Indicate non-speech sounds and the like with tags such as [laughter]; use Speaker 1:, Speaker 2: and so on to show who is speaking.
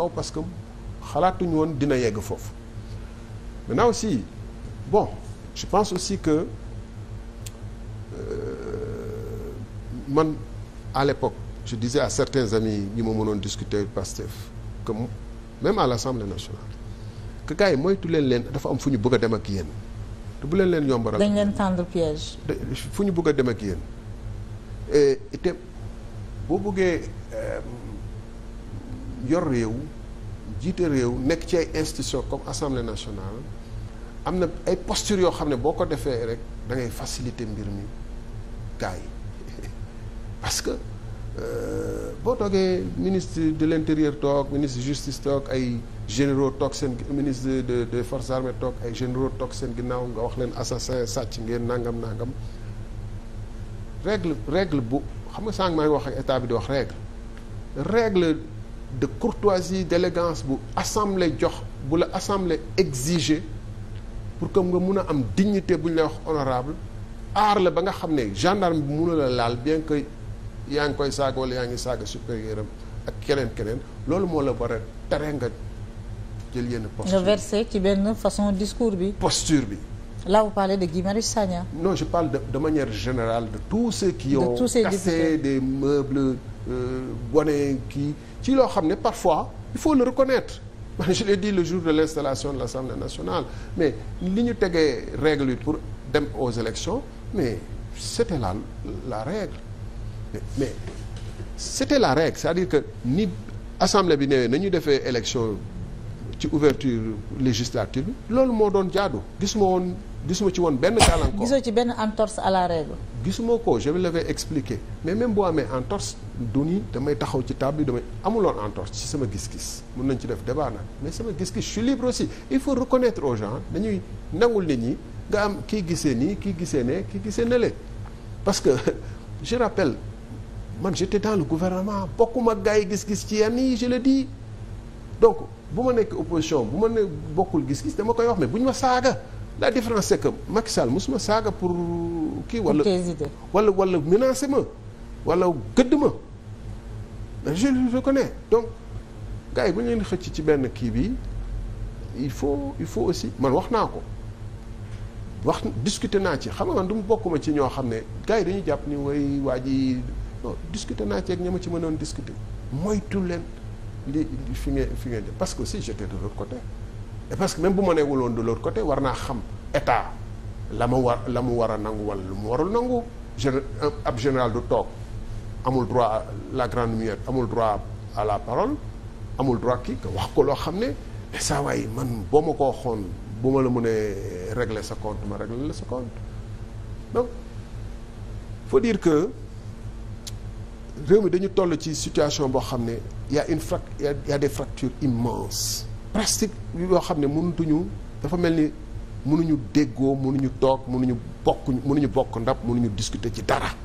Speaker 1: kaw parce que xalaatuñu woon dina yegg foofu danaa aussi bon je pense aussi que euh, man à l'époque je disais à certains amis ñi ma mënoon discuter Pastef que même à l'Assemblée nationale que gars yi moytu leen leen dafa am fu ñu bëgg dem ak yéen te bu leen leen yombaral. dañ leen tendre piège. fu ñu bëgg a dem ak yéen te boo bëggee. Euh, yor réew jiite réew nekk ci ay institutions comme assemblée nationale am na ay postures yoo xam ne boo ko defee rek da ngay faciliter mbir mi gars yi [laughs] parce que euh, boo toogee ministre de l' intérieur toog ministre justice toog ay généraux toog seen ministre de des forces toog ay généraux toog seen ginnaaw nga wax leen assassin sàcc ngeen nangam nangam règle règle bu xam nga sànq maa ngi wax ak état bi di wax règle règle de courtoisie d'élégance bu assemblée jox bu la assemblée exiger pour que nga mun a am dignité bu ñu la wax honorable aar la ba nga xam ne gendarme bi mënu la laal bien que yaa ngi koy saaga wala yaa ngi saaga supérieur am ak keneen keneen loolu moo la war tere nga jël yenn posture nga ci benn façon discours bi. posture bi. là vous parlez de Guy Marius Sagna. non je parle de, de manière générale de tous ceux qui ont cassé des meubles euh, bone kii. ci loo xam ne parfois il faut le reconnaître man [laughs] je l'ai dit le jour de l'installation de l'Assemblée nationale mais li ñu tegee règle yi pour dem aux élections mais c'était la la règle mais, mais c'était la règle c'est-à-dire que nit assemblée bi newee nañu defee élection ci ouverture législative loolu moo doon jaadu gisuma woon gisuma ci woon benn gàllankoor. gisoo ci benn entorse la règle. gisuma ko je l'avais expliqué mais même boo amee entorse duni damay taxaw ci table yi damay amuloon entorse ci sama gis-gis mun nañ ci def débat mais sama gis-gis je suis libre aussi il faut reconnaître aux gens dañuy nangul nit ñi nga am kii gisee nii kii gisee ne kii gisee ne le parce que [laughs] je rappelle man j'étais dans le bokkuma gars yi gis-gis ci yenn yi je le dis donc bu ma nekk opposition bu ma ne bokkul gis-gis dama koy wax mais bu ñu ma saaga. la différence c'est que Macky Sall saaga pour kii wala wala wala menacé ma wala gëdd ma je le connais donc gars yi bu ñu leen xëcc ci benn kii bi il faut il faut aussi man wax naa ko wax discuter naa ci xam nga man du mu bokkuma ci ñoo xam ne gars yi dañuy jàpp ni way waa ji non discuter naa ci ak ña ma ci mënoon discuter moytu leen li fi ngeen fi ngeen parce que aussi j'étais de l'autre côté parce que même bu ma neewul woon de l'autre côté war naa xam état la ma war la mu war a nangu wala lu mu warul nangu géné ab général du toog amul droit la grande muette amul droit à la parole amul droit kii wax ko loo xam ne mais saa waay man boo ma ko waxoon bu ma la mënee régler sa compte ma régler la sa compte donc faut dire que réew mi dañu toll ci situation boo xam ne y une frac y a, y a plastique yoo xam ne mënutuñu dafa mel ni mënuñu déggoo mënuñu toog mënuñu bokk mënuñu bokk ndab mënuñu discuter ci dara